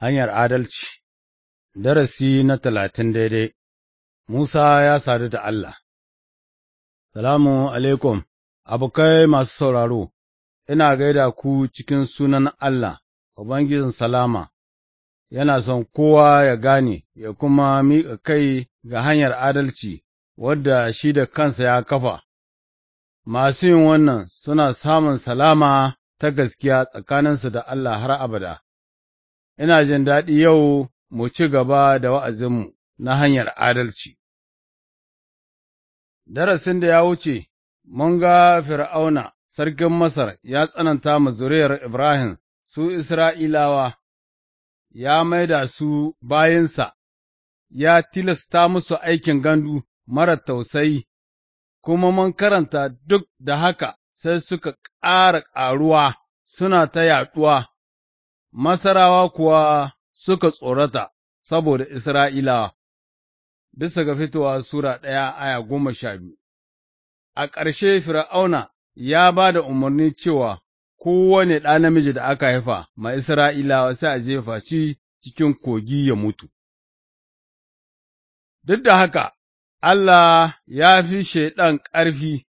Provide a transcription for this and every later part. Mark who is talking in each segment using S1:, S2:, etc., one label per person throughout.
S1: Hanyar Adalci Darasi na talatin daidai Musa ya sadu da Allah Salamu alaikum, abokai masu sauraro, ina gaida ku cikin sunan Allah, Ubangijin Salama, yana son kowa ya gane ya kuma miƙa kai ga hanyar adalci wadda shi da kansa ya kafa. Masu yin wannan suna samun salama ta gaskiya tsakaninsu da Allah har abada. ina jin daɗi yau mu ci gaba da wa'azinmu na hanyar adalci. Darasin da ya wuce, mun ga Fir'auna, sarkin Masar, ya tsananta ma zuriyar Ibrahim su Isra'ilawa, ya maida su bayinsa, ya tilasta musu aikin gandu mara tausayi, kuma mun karanta duk da haka sai suka ƙara ƙaruwa suna ta yaɗuwa. Masarawa kuwa suka tsorata saboda Isra'ilawa, bisa ga fitowa Sura ɗaya aya goma sha biyu. A ƙarshe Fir'auna ya ba da umarni cewa kowane ɗa namiji da aka haifa ma Isra'ilawa sai a jefa shi cikin kogi ya mutu. Duk da haka, Allah ya fi Shaiɗan ƙarfi,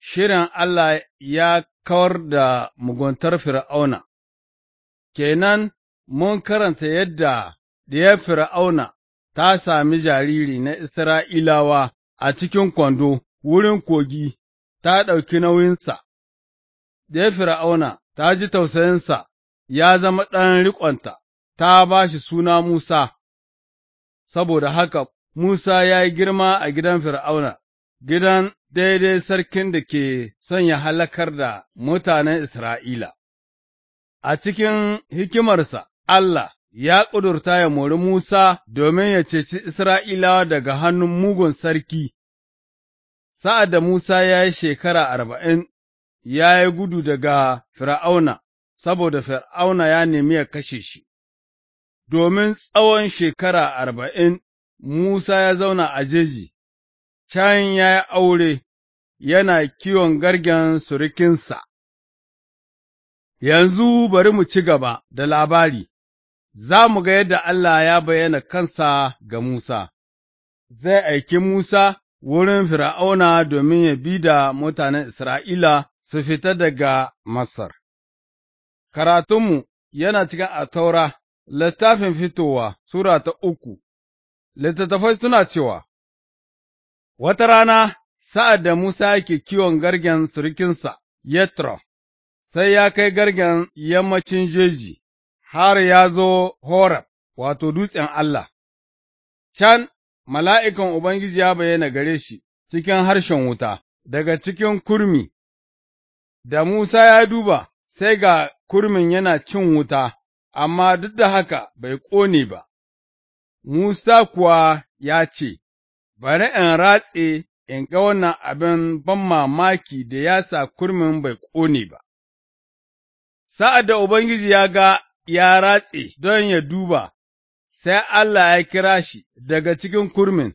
S1: shirin Allah ya kawar da muguntar Fir'auna. kenan mun karanta yadda ɗiyar Fir'auna ta sami jariri na Isra'ilawa a cikin kwando wurin kogi, ta ɗauki nauyinsa, ɗiyar Fir'auna ta ji tausayinsa, ya zama ɗan riƙonta, ta ba shi suna Musa, saboda haka Musa ya yi girma a gidan Fir'auna, gidan daidai sarkin da ke son ya halakar da mutanen Isra'ila. a cikin hikimarsa Allah ya ƙudurta ya mori Musa domin ya ceci Isra'ilawa daga hannun mugun sarki, sa'ad da Musa ya yi shekara arba'in, ya yi gudu daga Fir'auna, saboda Fir'auna ya nemi ya kashe shi, domin tsawon shekara arba'in Musa ya zauna a jeji, can ya yi aure, yana kiwon gargen surukinsa. Yanzu bari mu ci gaba da labari, za mu ga yadda Allah ya bayyana kansa ga Musa, zai aiki Musa wurin Fir'auna domin ya bi da mutanen Isra'ila su fita daga Masar. Karatunmu yana cika a taura, littafin fitowa, Sura ta uku, littattafai suna cewa, Wata rana, sa'ad da Musa yake kiwon gargen surukinsa, Yetro, sai ya kai gargen yammacin jeji, har ya zo Horab, wato dutsen Allah. Can, mala'ikan Ubangiji ya bayyana gare shi cikin harshen wuta, daga cikin kurmi, da Musa ya duba, sai ga kurmin yana cin wuta, amma duk da haka bai ƙone ba. Musa kuwa ya ce, Bari in ratse in ga wannan abin ban mamaki da ya sa kurmin bai ƙone ba. Sa'ad da Ubangiji ya ga ya ratse don ya duba, sai Allah ya kira shi daga cikin kurmin,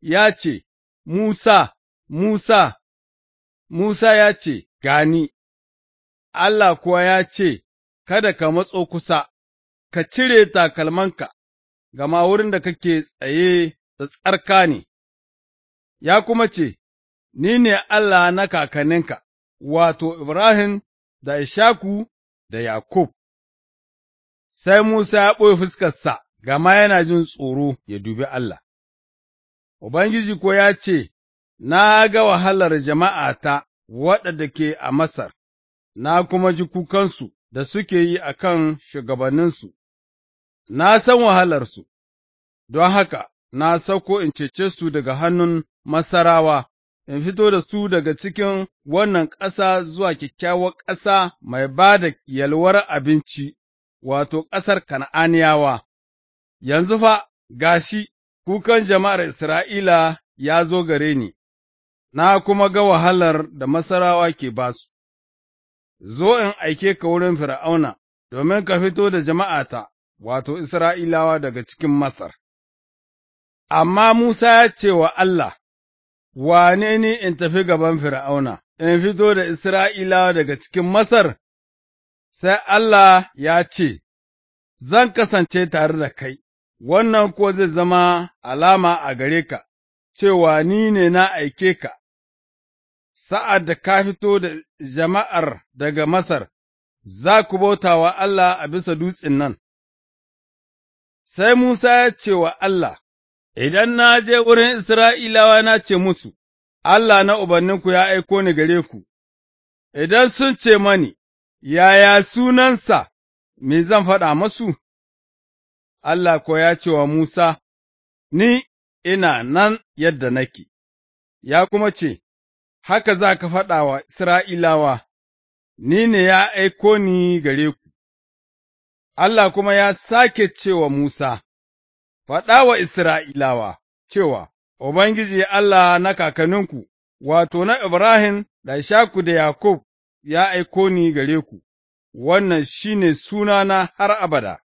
S1: ya ce, Musa, Musa, Musa ya ce, Gani, Allah kuwa ya ce, Kada ka matso kusa, ka cire takalmanka, gama wurin da kake tsaye da tsarka ne, ya kuma ce, Ni ne Allah na kakanninka, wato Ibrahim da Ishaku da Yakub. Sai Musa ya ɓoye fuskarsa, gama yana jin tsoro ya dubi Allah. Ubangiji ko ya ce, Na ga wahalar jama'ata waɗanda ke a Masar, na kuma ji kukansu da suke yi a kan shugabanninsu, na san wahalarsu, don haka na sauko in cece su daga hannun Masarawa in fito da su daga cikin wannan ƙasa zuwa kyakkyawar ƙasa mai ba da yalwar abinci, wato ƙasar Kan'aniyawa. Yanzu fa, gashi, kukan jama'ar Isra'ila ya zo gare ni, na kuma ga wahalar da Masarawa ke ba su, zo in aike ka wurin Fir'auna, domin ka fito da jama'ata, wato Isra'ilawa daga cikin Masar. Amma Musa ya ce wa Allah, Wane ni in tafi gaban Fir'auna, in fito da Isra'ilawa daga cikin Masar, sai Allah ya ce, Zan kasance tare da kai, wannan ko zai zama alama a gare ka, cewa ni ne na aike ka, sa'ad da ka fito da jama'ar daga Masar, za ku bauta wa Allah a bisa dutsen nan. Sai Musa ya ce wa Allah, Idan na je wurin Isra'ilawa na ce musu, Allah na Ubanninku ya aiko ni gare ku, idan sun ce mani, Yaya sunansa, me zan faɗa masu? Allah ko ya ce wa Musa, Ni ina nan yadda nake, ya kuma ce, Haka za ka faɗa wa Isra'ilawa, Ni ne ya aiko ni gare ku, Allah kuma ya sake ce wa Musa, faɗa wa Isra'ilawa cewa, Ubangiji Allah na kakanninku, wato na Ibrahim da Ishaku da Yakub ya aiko ni gare ku, wannan shi ne sunana har abada.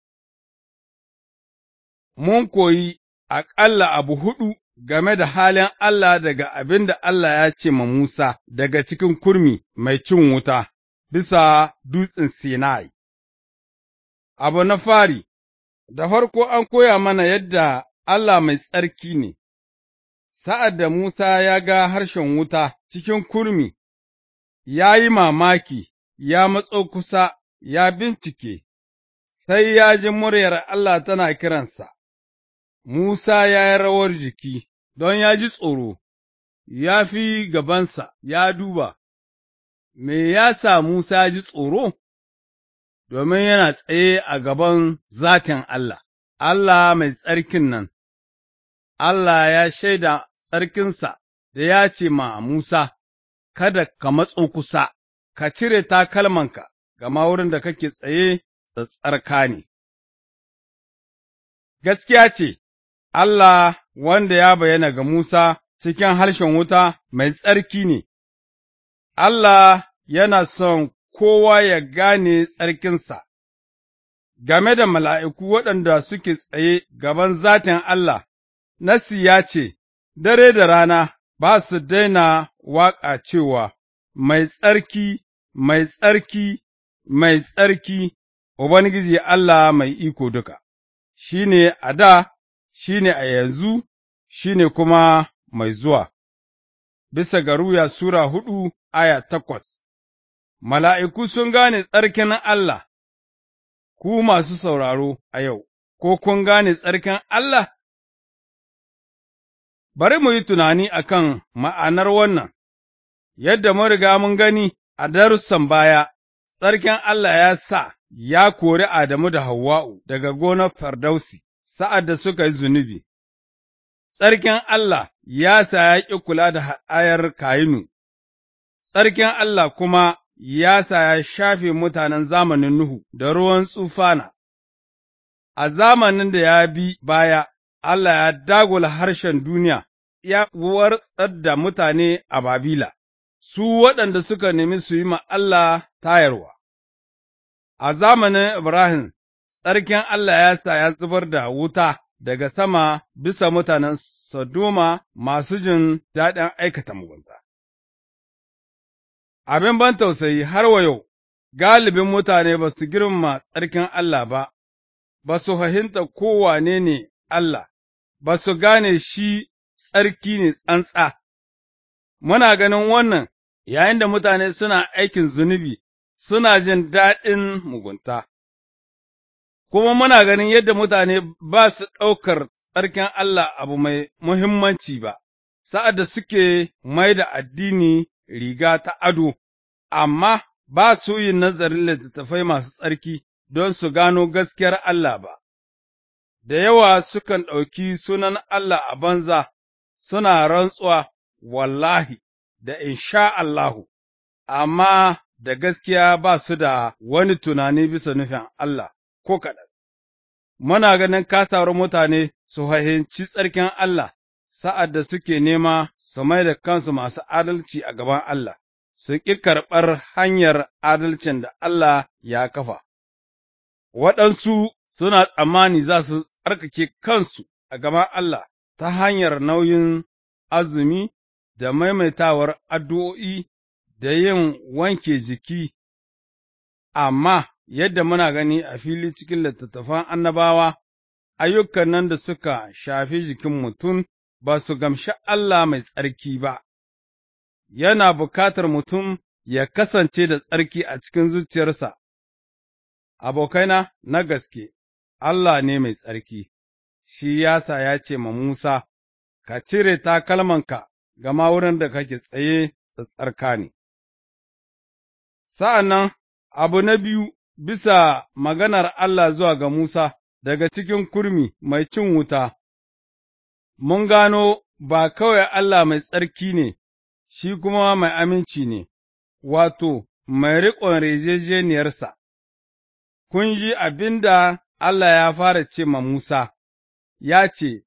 S1: Mun koyi aƙalla abu huɗu game da halin Allah daga abin da Allah ya ce ma Musa daga cikin kurmi mai cin wuta bisa dutsen Sinai. Abu na fari Da farko an koya mana yadda Allah mai tsarki ne, sa'ad da Musa ya ga harshen wuta cikin kurmi, ya yi mamaki, ya matso kusa, ya bincike, sai ya ji muryar Allah tana kiransa, Musa ya yi rawar jiki don ya ji tsoro, ya fi gabansa ya duba, me ya sa Musa ji tsoro? domin yana tsaye a gaban zakin Allah, Allah mai tsarkin nan, Allah ya shaida tsarkinsa da ya ce ma Musa, Kada ka matso kusa, ka cire takalmanka, gama wurin da kake tsaye tsatsarka ne. Gaskiya ce, Allah wanda ya bayyana ga Musa cikin harshen wuta mai tsarki ne, Allah yana son kowa ya gane tsarkinsa. Game da mala'iku waɗanda suke tsaye gaban zatin Allah, Nasi ya ce, Dare da rana ba su daina waƙa cewa, Mai tsarki, mai tsarki, mai tsarki, Ubangiji Allah mai iko duka, shi ne a da, shi ne a yanzu, shi ne kuma mai zuwa. Bisa ga Ruya Sura hudu aya takwas mala'iku sun gane tsarkin Allah, ku masu sauraro a yau, ko kun gane tsarkin Allah? Bari mu yi tunani a kan ma'anar wannan, yadda mun riga mun gani a darussan baya, tsarkin Allah ya sa ya kori Adamu da Hawwa'u daga gonar Fardausi sa'ad da suka yi zunubi. Tsarkin Allah ya sa ya ƙi kula da haayar Kayinu, tsarkin Allah kuma Ya sa ya shafe mutanen zamanin Nuhu da ruwan tsufana, a zamanin da ya bi baya, Allah ya dagula harshen duniya, ya wartsar da mutane a Babila, su waɗanda suka nemi su yi ma Allah tayarwa. A zamanin Ibrahim, tsarkin Allah ya sa ya zubar da wuta daga sama bisa mutanen Sodoma masu jin daɗin aikata mugunta. Abin ban tausayi har wa yau, galibin mutane ba su girma tsarkin Allah ba, ba su fahimta wane ne Allah, ba su gane shi tsarki ne tsantsa. Muna ganin wannan yayin da mutane suna aikin zunubi, suna jin daɗin mugunta. kuma muna ganin yadda mutane ba su ɗaukar tsarkin Allah abu mai muhimmanci ba, sa'ad da suke mai da addini riga ta ado, amma ba su yin nazarin littattafai masu tsarki don su gano gaskiyar Allah ba, da yawa sukan ɗauki sunan Allah a banza suna rantsuwa wallahi da insha Allahu, amma da gaskiya ba su da wani tunani bisa nufin Allah ko kaɗan. Muna ganin kasawar mutane su fahimci tsarkin Allah sa'ad da suke nema su mai da kansu masu adalci a gaban Allah, su ƙi karɓar hanyar adalcin da Allah ya kafa. Waɗansu suna tsammani za su tsarkake kansu a gaban Allah ta hanyar nauyin azumi da maimaitawar addu'o'i da yin wanke jiki, amma yadda muna gani a fili cikin littattafan annabawa, ayyukan nan da suka shafi jikin mutum ba su gamshi Allah mai tsarki ba, yana bukatar mutum ya kasance da tsarki a cikin zuciyarsa, abokaina na gaske, Allah ne mai tsarki, shi yasa ya ce ma Musa, Ka cire takalmanka, gama wurin da kake tsaye tsatsarka ne. Sa'an nan, abu na biyu bisa maganar Allah zuwa ga Musa daga cikin kurmi mai cin wuta mun gano ba kawai Allah mai tsarki ne, shi kuma mai aminci ne, wato, mai riƙon rejejeniyarsa. Kun ji abin da Allah ya fara ce ma Musa, ya ce,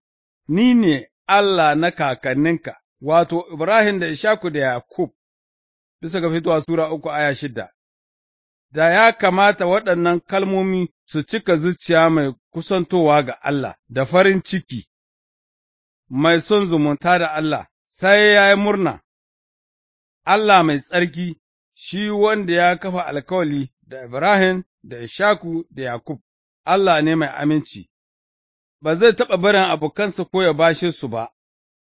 S1: Ni ne Allah na kakanninka, wato, Ibrahim da Ishaku da Yakub, bisa ga fitowa Sura uku aya shida. da ya kamata waɗannan kalmomi su cika zuciya mai kusantowa ga Allah da farin ciki, mai son zumunta da Allah, sai ya yi murna, Allah mai tsarki, shi wanda ya kafa alkawali da Ibrahim, da Ishaku, da Yakub, Allah ne mai aminci, ba zai taɓa barin abokansa ko ya bashe su ba,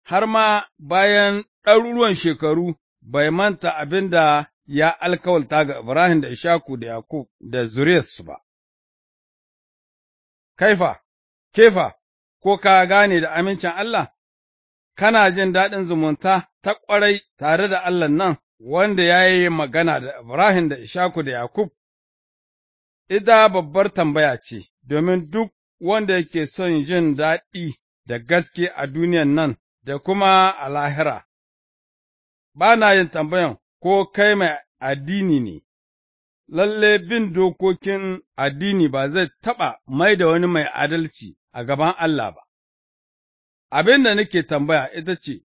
S1: har ma bayan ɗaruruwan shekaru bai manta abin da ya alkawalta ga Ibrahim da Ishaku da Yakub da su ba. Kaifa, kefa, ko ka gane da amincin Allah, kana jin daɗin zumunta ta ƙwarai tare da Allah nan wanda ya yi magana da Ibrahim da Ishaku da Yakub. Ita babbar tambaya ce, domin duk wanda yake son jin daɗi da gaske a duniyan nan da kuma a lahira, ba na yin tambayan ko kai mai addini ne, lalle bin dokokin addini ba zai taɓa mai da wani mai adalci a gaban Allah ba. Abin da nake tambaya ita ce,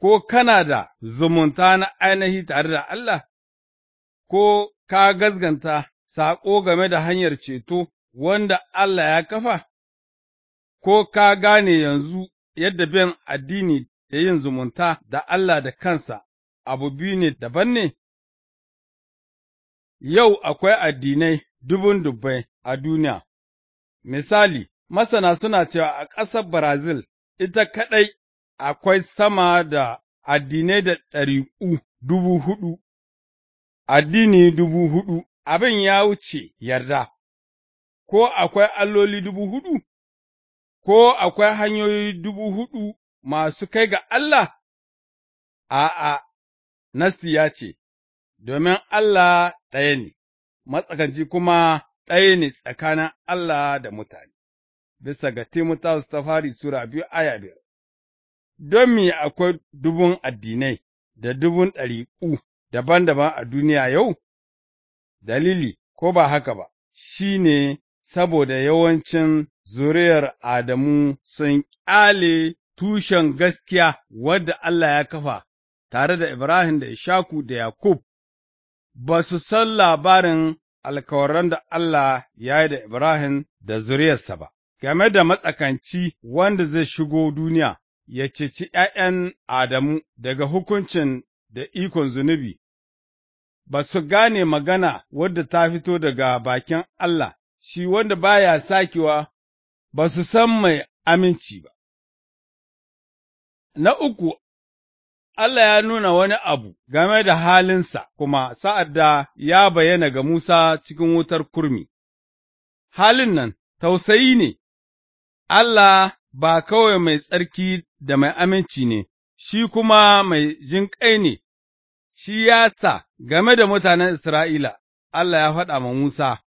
S1: ko kana da zumunta na ainihi tare da Allah, ko ka gazganta saƙo game da hanyar ceto wanda Allah ya kafa, ko ka gane yanzu yadda bin addini da yin zumunta da Allah da kansa abu biyu ne daban ne? Yau akwai addinai dubun dubbai a duniya, misali, masana suna cewa a ƙasar Brazil ita kaɗai akwai sama da addinai da ɗari'u dubu hudu. addini dubu hudu abin ya wuce yarda, ko akwai alloli dubu hudu, ko akwai hanyoyi dubu hudu, masu kai ga Allah? A'a, Nasti ya ce, domin Allah ɗaya ne, matsakanci kuma ɗaya ne tsakanin Allah da mutane. bisa ga Timotheus ta fari Sura biyu aya biyar, don me akwai dubun addinai da dubun ɗariƙu daban-daban a duniya yau? Dalili, ko ba haka ba, shi ne saboda yawancin zuriyar Adamu sun ƙyale tushen gaskiya wadda Allah ya kafa tare da Ibrahim da Ishaku da Yakub, ba su san labarin alkawaran da Allah ya yi da Ibrahim da zuriyarsa ba. game da matsakanci wanda zai shigo duniya ya ceci ’ya'yan Adamu daga hukuncin da ikon zunubi, ba su gane magana wadda ta fito daga bakin Allah, shi wanda baya sakewa, ba su san mai aminci ba. Na uku, Allah ya nuna wani abu game da halinsa kuma sa'ad da ya bayyana ga Musa cikin wutar kurmi, halin nan tausayi ne Allah ba kawai mai tsarki da mai aminci ne, shi kuma mai jinƙai ne, shi ya sa game da mutanen Isra'ila, Allah ya faɗa ma Musa,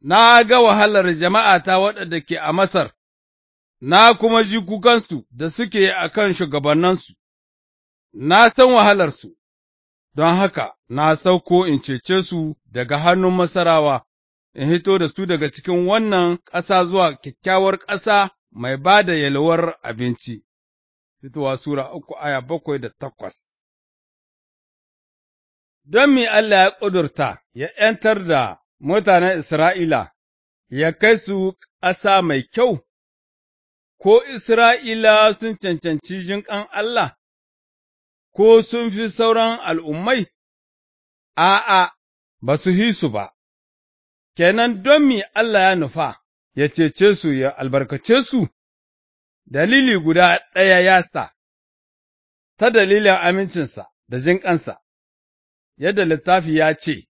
S1: Na ga wahalar jama'ata waɗanda ke a Masar, na kuma ji kukansu da suke a kan shugabanninsu, na san wahalarsu, don haka na sauko in cece su daga hannun Masarawa. in hito da su daga cikin wannan ƙasa zuwa kyakkyawar ƙasa mai ba da yalwar abinci. Fitowa Sura uku aya bakwai da takwas Don mi Allah ya ƙudurta ya ’yantar da mutanen Isra'ila, ya kai su ƙasa mai kyau, ko Isra'ila sun cancanci jinƙan Allah, ko sun fi sauran al'ummai? A'a, ba su hisu ba. kenan don mi Allah ya nufa, ya cece su ya albarkace su, dalili guda ɗaya ya sa, ta dalilin amincinsa da jinƙansa, yadda littafi ya ce,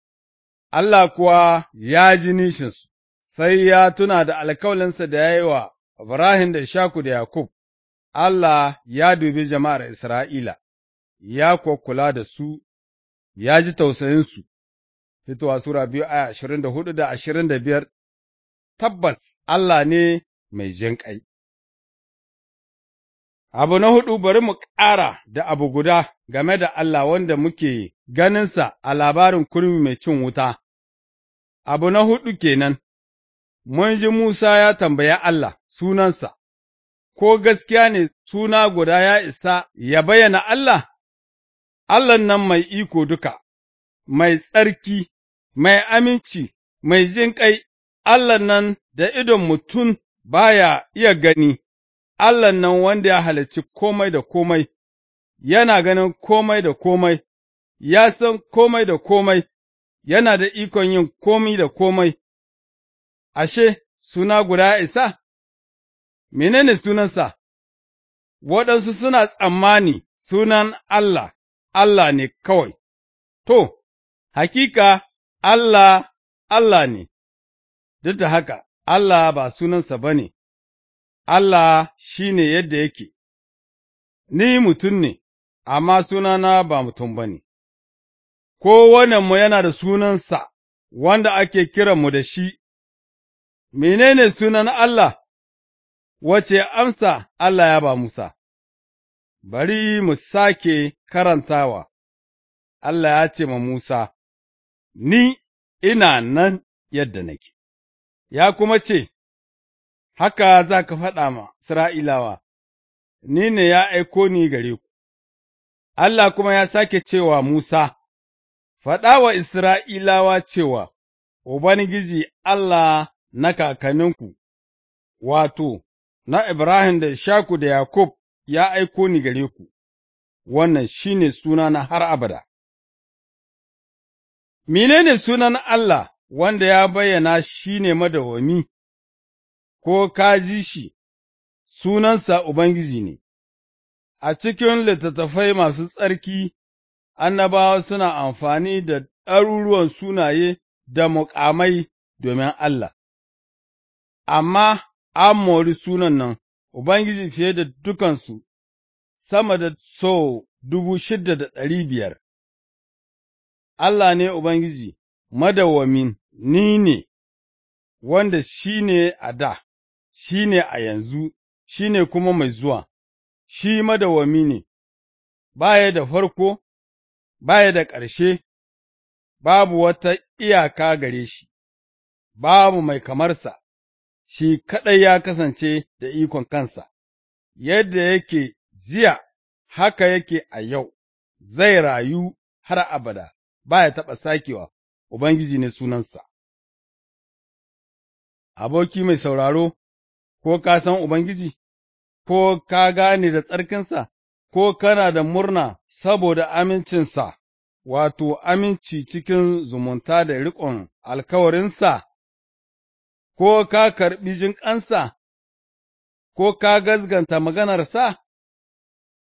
S1: Allah kuwa ya ji nishinsu, sai ya tuna da alkawalinsa da ya yi wa Ibrahim da Ishaku da Yakub, Allah ya dubi jama'ar Isra'ila, ya kuwa kula da su, ya ji tausayinsu. Fitowa Sura biyu a ashirin da hudu da ashirin da biyar, tabbas Allah ne mai jin ƙai. Abu na hudu bari mu ƙara da abu guda game da Allah wanda muke ganinsa a labarin kurmi mai cin wuta. Abu na hudu kenan, mun ji Musa ya tambaya Allah sunansa, ko gaskiya ne suna guda ya isa ya bayyana Allah? Allah nan mai iko duka, mai tsarki mai aminci, mai ƙai, Allah nan da idon mutum baya iya gani, Allah nan wanda ya halarci komai da komai, yana ganin komai da komai, ya san komai da komai, yana da ikon yin komai da komai. Ashe, suna guda isa? Menene sunansa? Waɗansu suna tsammani sunan Allah, Allah ne kawai. To, hakika Allah, Allah ne, duk da haka Allah ba sunansa ba ne, Allah shi ne yadda yake, ni mutum ne, amma sunana ba mutum ba ne, kowanenmu yana da sunansa wanda ake kiranmu da shi, menene sunan Allah, wace amsa Allah ya ba Musa, bari mu sake karantawa, Allah ya ce ma Musa. Ni ina nan yadda nake, ya kuma ce, Haka za ka faɗa ma Isra'ilawa, ni ne ya aiko ni gare ku, Allah kuma ya sake cewa Musa, Faɗa wa Isra'ilawa cewa, Ubangiji Allah na kakanninku, wato, na Ibrahim da Shaku da Yakub ya aiko ni gare ku, wannan shi ne na har abada. Menene sunan Allah wanda ya bayyana shi ne madawami, ko kaji shi, sunansa Ubangiji ne, a cikin littattafai masu tsarki, annabawa suna amfani da ɗaruruwan sunaye da muƙamai domin Allah, amma an mori sunan nan Ubangiji fiye da dukansu, sama da so dubu shida da ɗari biyar. Allah ne Ubangiji, madawamin ni ne, wanda shi ne a da, shi ne a yanzu, shi ne kuma mai zuwa, shi madawami ne, baya da farko, baya da ƙarshe, babu wata iyaka gare shi, babu mai kamarsa, shi kaɗai ya kasance da ikon kansa, yadda yake ziya haka yake a yau, zai rayu har abada. Ba ya taɓa sakewa, Ubangiji ne sunansa. Aboki mai sauraro, ko ka san Ubangiji, ko ka gane da tsarkinsa, ko kana da murna saboda amincinsa, wato, aminci cikin zumunta da riƙon alkawarinsa, ko ka karɓi jinƙansa, ko ka gazganta maganarsa?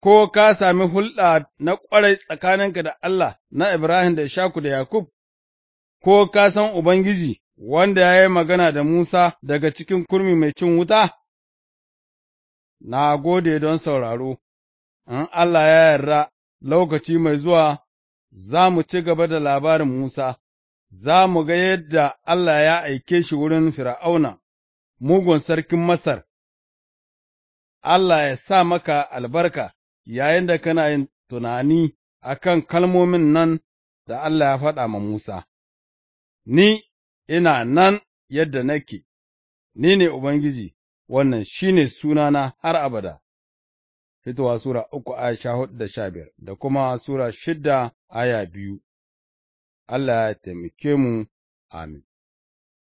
S1: ko ka sami hulɗa na ƙwarai tsakaninka da Allah na Ibrahim da Ishaku da Yakub, ko ka san Ubangiji wanda ya yi magana da Musa daga cikin kurmi mai cin wuta? Na gode don sauraro, in Allah ya yarda lokaci mai zuwa za mu ci gaba da labarin Musa, za mu ga yadda Allah ya aike shi wurin Fir'auna, mugun sarkin Masar. Allah ya sa maka albarka. yayin da kana yin tunani a kan kalmomin nan da Allah ya faɗa ma Musa, Ni ina nan yadda nake, ni ne Ubangiji, wannan shi ne sunana har abada. Fitowa Sura uku aya sha hudu da sha biyar da kuma Sura shida aya biyu, Allah ya taimake mu, amin.